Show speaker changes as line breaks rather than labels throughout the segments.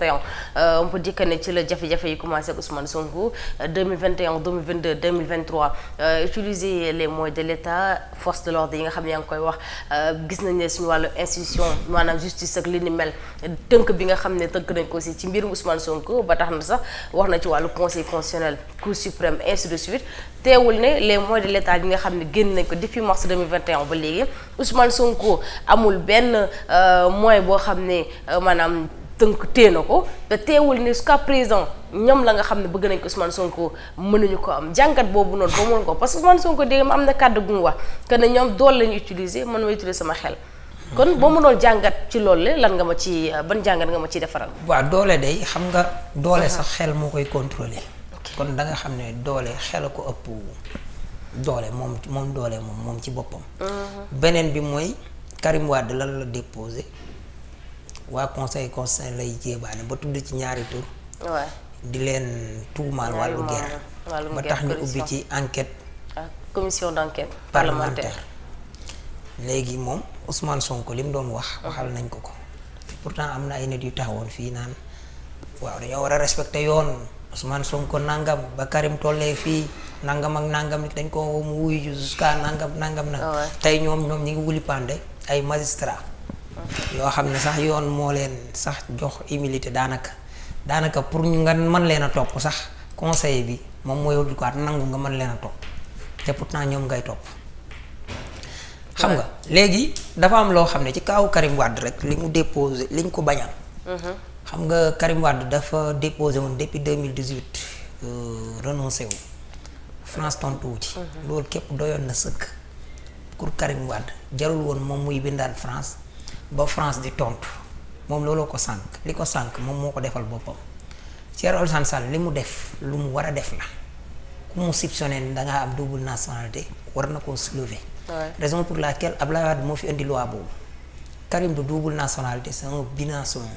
2021 euh, on peut dire que ne ci la jafe-jafe yi commencé ak Ousmane Sonko 2021 2022 2023 utiliser les moyens de l'État force de l'ordre yi nga xam ne yaa ngi koy wax euh, gis nañ ne suñ wàllu institution maanaam justice ak li ni mel tënk bi nga xam ne tënk nañ ko aussi ci mbirum Ousmane Sonko ba tax na sax wax na ci wàllu conseil constitutionnel cour suprême ainsi de suite teewul ne les moyens de l'État yi nga xam ne génn nañ ko depuis mars 2021 ba léegi Ousmane Sonko amul benn euh, moyen boo xam ne maanaam tënk tée na ko te teewul ni jusqu'à présent ñoom la nga xam ne bëgg nañ ko ko mën nañu ko am jàngat boobu noonu ba mën ko parce que Ousmane Sonko dégg ma am na kàddu gum mu wax ñoom dool lañu utiliser man ma utiliser sama xel kon boo mënoon jàngat ci loolu lan nga ma ci ban jàngat nga ma ciy defaral
waa doole day xam nga doole sax xel moo koy contrôler kon da nga xam ne doole xel a ko ëpp doole moom moom doole moom moom ci boppam beneen bi mooy Karim Wade lan la déposé waa conseil constitutionnel lay jéebaane ba tudd ci ñaari tur di leen tuumaal wàllu guerre ba tax ñu ubbi ci enquête
ah, commission d'enquête parlementaire
léegi moom Ousmane Sonko li mu doon wax waxal nañ ko ko pourtant am na ay nit yu taxawoon fii naan waaw dañoo war a respecter yoon Ousmane Sonko nangam ba Karim tollee fii nangam ak nangam dañ ko mu wuyu jusqu'à nangam nangam nag ah tey ñoom ñoom ñi ngi wuli pande ay magistrat yoo xam ne sax yoon moo leen sax jox humilité daanaka daanaka pour ñu nga man leen a topp sax conseil bi moom mooy wut ko at nangu nga mën leen a topp te pourtant ñoom ngay topp. xam nga léegi dafa am loo xam ne ci kaawu Karim Wade rek li mu déposé li ñu ko bañal. Mhm. xam nga Karim Wade dafa déposé woon depuis deux mille dix huit euh, renoncé wu France tontu wu ci. Mhm. loolu képp doyoon na sëkk pour Karim Wade jarul woon moom muy bindaal France. ba France di tontu moom looloo ko sànq li ko sànq moom moo ko defal boppam Thierno Alassane Sall li mu def lu mu war a def la ku mu soupçonné da ngaa am double nationalité war na koo soulever. raison pour laquelle Abdoulaye Wade moo fi indi loi boobu Karim du double nationalité c'est un binational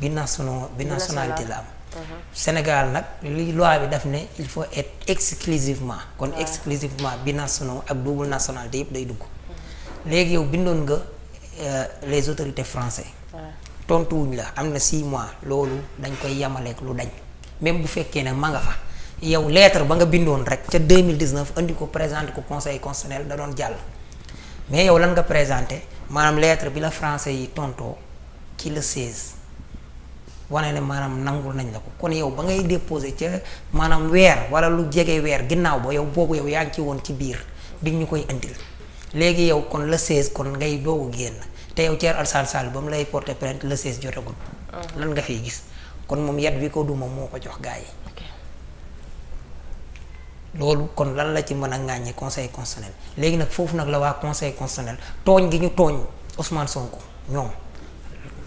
binational binationalité la am. Mhm. Sénégal nag li loi bi daf ne il faut et exclusivement kon exclusivement binational ak double nationalité yëpp day dugg mhm. léegi yow Euh, les autorités français tontuwuñ la am na six mois loolu dañ koy yamaleek lu dañ même bu fekkee ne ma nga fa yow lettre ba nga bindoon rek ca deux mille 2019 andi ko présenté ko conseil constitutionnel da doon jàll mais yow lan nga présenté maanaam lettre bi la français yi tontoo ci le 16 wane ne maanaam nangu nañ la ko kon yow ba ngay déposé ca maanaam weer wala lu jege weer ginnaaw ba yow boobu yow yaa ngi ci woon ci biir bi ñu koy indi léegi yow kon le 16 kon ngay doogu génn te yow Thierno Alassane Sall ba mu lay porter plainte le 16 jotagul. Uh-huh. lan nga fiy gis kon moom yat bi ko duma moo ko jox gars yi. loolu kon lan la ci mën a ŋàññi conseil constitutionnel léegi nag foofu nag la waa conseil constitutionnel tooñ gi ñu tooñ Ousmane ko ñoom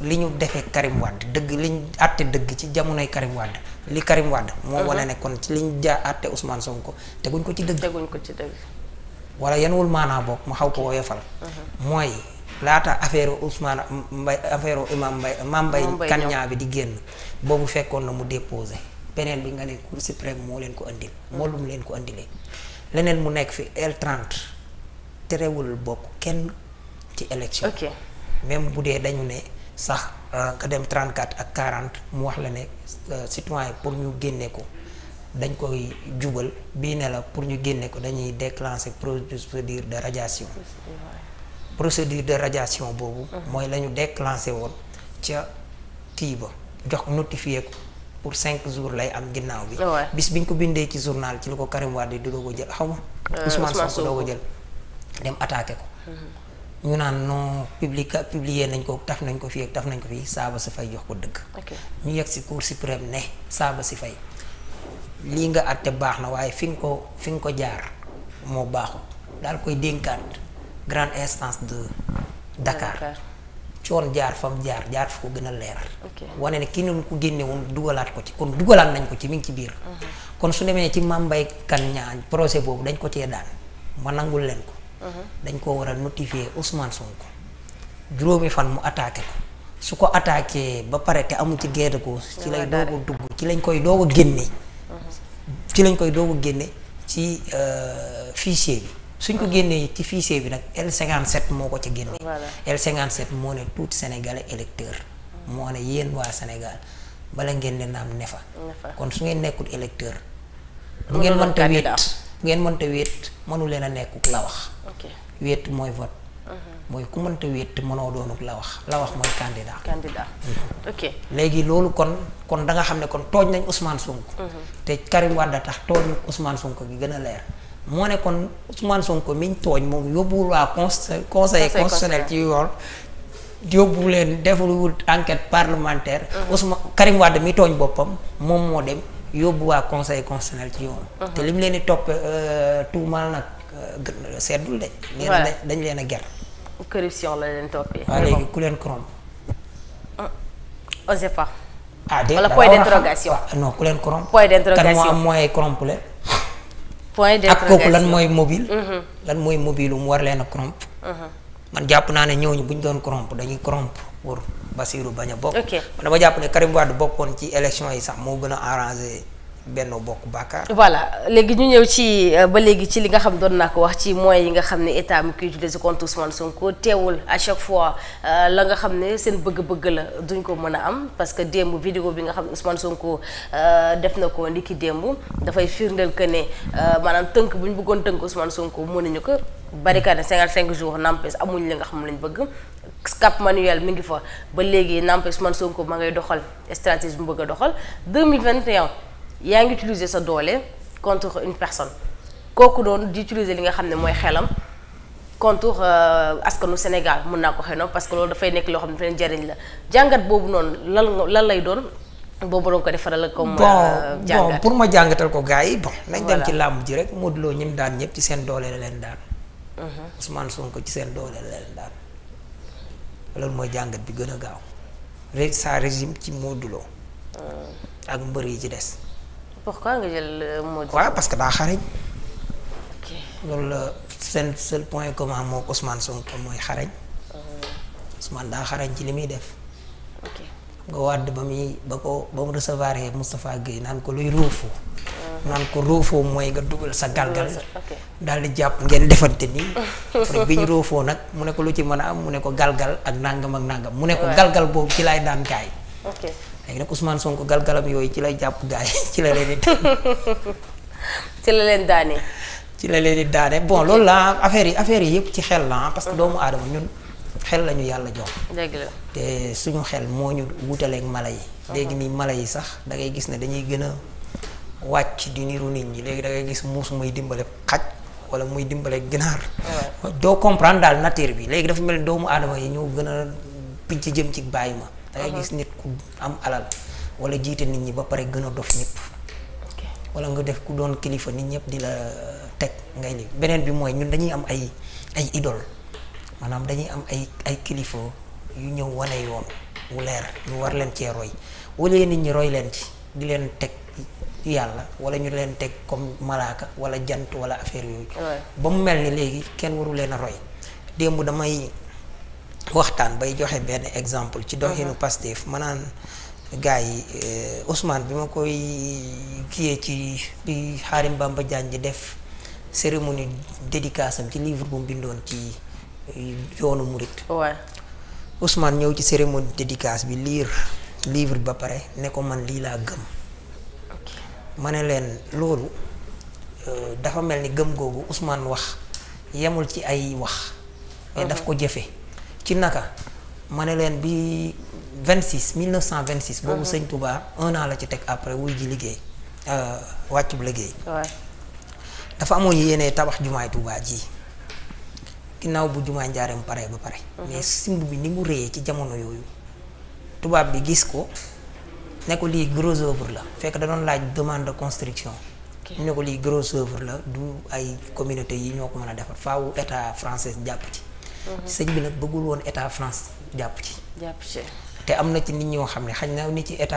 li ñu defee Karim Wade dëgg li ñu àtte dëgg ci jamonoy Karim Wade li Karim wàdd moom uh-huh. wane ne kon ci li ñu jaa àtte Ousmane Sonko ko ci dëgg.
teguñ ko ci dëgg.
wala yanuwul maanaa boog mu xaw ko woyofal. Uh-huh. mooy laata affaire Ousmane Mbaye affaire Imam Mbaye Mame Mbaye Kaniang bi di génn boobu fekkoon na mu déposé beneen bi nga ne Cour suprême moo leen ko andil moo lum leen ko andilee leneen mu nekk fi L30 terewul bokk kenn ci élection même bu dee dañu ne sax euh, nga dem 34 ak 40 mu wax la ne euh, citoyen pour ñu génne ko dañ koy jubal bii ne la pour ñu génne ko dañuy déclencher procédure de radiation procédure de radiation boobu. Mhm. mooy la ñu déclenché woon ca kii ba jox notifié ko pour cinq jours lay am ginnaaw bi. bis bi ñu ko bindee ci journal ci la ko Karim Wade di doog a jël xaw ma. Euh, Ousmane Sonko doog a jël dem attaqué ko. Mhm. ñu naan non publica publier nañ ko taf nañ ko fii ak nañ ko fii saaba si fay jox ko dëkk ñu yegg si cour suprême ne saaba si fay lii nga àtte baax na waaye fi nga ko fi nga ko jaar moo baaxul daal koy dénkaat. grande instance de Dakar coon jaar fam jaar jaar fa ko gën a leer wane ne ki noonu ko génne dugalaat ko ci kon dugalaat nañ ko ci mi ngi ci biir mhm. kon su demee ci Mame Mbaye Kane ñaan projet boobu dañ ko cee daan ma nangul leen ko mhm. dañ koo war a notifier Ousmane Sonko juróomi fan mu attaqué ko su ko attaqué ba pare te amul ci guerre ko ci lay doog a dugg ci lañ koy doog a génne mhm. ci lañ koy doog a génne ci euh, fichier bi suñ ko génnee ci fichier bi nag L57 moo ko ci génne. L57 moo ne tout Sénégalais électeur moo ne yéen waa Sénégal bala ngeen ne naam nefa kon su ngeen nekkul électeur mu ngeen mënta wéet bu ngeen mënta wéet mënu leen a nekkuk la wax. wéet mooy vote. Mhm. mooy ku mënta wéet mënoo doonuk la wax la wax mooy candidat.
candidat mhm. ok
léegi loolu kon kon danga xam ne kon tooj nañ Ousmane sunk mhm. te Karim Wade tax tooñu Ousmane Sonko gi gën a leer. moo ne kon Ousmane Sonko mi tooñ moom yóbbuwul waa conseil conseil constitutionnel ci yoon yóbbu leen deful enquête parlementaire mhm. Ousmane Karim Wade mi tooñ boppam moom moo dem yóbbu waa conseil constitutionnel ci yoon mhm. te li mu leen di topp euh, tuumal nag euh, seddul de leen dañ leen a ger
corruption la leen toppee ku leen corrompe osez pas
ah déedéet ah, wala point d'interrogation ah, ku leen corrompe point d'interrogation kan moo am moyen corrompe
point ak kooku lan mooy mobile. Mm-hmm.
lan mooy mobile mu war leen a corrompre. Mm-hmm. man jàpp naa ne ñooñu bu ñu doon corrompre dañuy corrompre pour Bassirou bañ a bokk. man dama jàpp ne Karim Wade bokkoon ci élection yi sax moo gën a arrangé. Benno Bokk Yaakaar. voilà léegi ñu
ñëw ci euh, ba léegi ci li nga xam doon naa ko wax ci moyens yi nga xam ne état mi koy utilisé contre Ousmane Sonko teewul à chaque fois euh, la nga xam ne seen bëgg-bëgg la duñ ko mën a am parce que démb vidéo bi nga xam ne Ousmane Sonko euh, def na ko ndiki démb dafay firndeel que ne maanaam tënk bu ñu bëggoon tënk Ousmane Sonko mënuñu ko barricade cinq jours n'empêche amuñ li nga xam lañ bëgg. Cap Manuel mi ngi fa ba léegi n'empêche Ousmane Sonko ma ngay doxal stratégie bu bëgg a doxal 2021. yaa ngi utiliser sa doole contre une personne kooku doon di utiliser li nga xam ne mooy xelam contre euh, askanu Sénégal mën naa ko xëy na parce que loolu dafay nekk loo jariñ la jàngat boobu noonu lan lan lay doon boobu doon ko defaral comme. Euh, jàngat bon pour
ma jàngatal ko gars yi nañ dem ci làmb ji rek Modou Lo ñim daan ñëpp ci seen doole la leen daan. Mhm. Ousmane Sonko ci seen doole la loolu mooy jàngat bi gën a gaaw rek sa régime ci Modou Lo. Ah. ak mbër yi ci des.
pourquoi nga jël euh, moo que daa xarañ.
ok loolu la seen seul point commun moom Ousmane Sonko mooy xarañ. Oh. Ousmane daa xarañ ci li muy def. nga wàdd ba muy ba ko ba mu recevoir Moustapha Guèye naan ko luy ruufu. Uh-huh. naan ko roofoo mooy nga dugal sa galgal dal di jàpp ngeen defante nii pour bi ñu roofoo nag mu ne ko lu ci mën a am mu ne ko galgal ak nàngam ak nàngam mu ne ko galgal boobu ci lay daan kaay léegi nag Ousmane Sonko galgalam yooyu ci lay jàpp gaay ci la leen di.
ci la leen daane.
ci la leen di daane bon loolu la affaire yi affaire yi yëpp ci xel la parce que doomu aadama ñun xel lañu yàlla jox. dëgg te suñu xel moo ñu wutaleeg mala yi. léegi nii mala yi sax dangay gis ne dañuy gën a wàcc di niru nit ñi léegi da ngay gis muus muy dimbale xaj. wala muy dimbale ginaar. doo comprendre daal nature bi léegi dafa mel ni doomu aadama yi ñoo gën a picc jëm ci bàyyi ma. da gis nit ku am alal wala jiite nit ñi ba pare gën a dof ñëpp wala nga def ku doon kilifa nit ñëpp di la teg ngay li beneen bi mooy ñun dañuy am ay ay idole maanaam dañuy am ay ay kilifa yu ñëw wane yoon wu leer ñu war leen cee roy wala nit ñi roy leen ci di leen teg yàlla wala ñu leen teg comme malaaka wala jant wala affaire yooyu ba mu mel ni léegi kenn waru leen a roy démb damay waxtaan bay joxe benn exemple ci doxinu mhm. Pastef manaan gars yi euh, Ousmane bi ma koy kiyee ci bi Xaarim Bamba Diagne di def cérémonie dédicace ci livre bindoon ci euh, yoonu ñëw ci cérémonie dédicace bi liir livre ba pare ne ko man lii laa gëm. ma ne leen loolu euh, dafa mel ni gëm googu Ousmane wax yemul ci ay wax. mais daf mhm. ko jëfe ci naka ma ne leen bi 26 1926. boobu mhm. sëñ Touba un an la ci teg après wuy ji liggéey euh, wàccub liggéey. dafa amoon yéene tabax jumaay tubaa ji ginnaaw bu jumaay njaareem pare ba pare. Mhm. mais simb bi ni mu rëyee ci jamono yooyu tubaab bi gis ko ne ko lii gros la fekk da doon laaj demande de construction. ñu ne ko lii gros la du ay communauté yi ñoo ko mën a defar faaw état français jàpp ci. Mhm. sëñ bi nag bëggul woon état France jàpp ci. jàpp te am na ci nit ñoo xam ne xañ na ni ci état.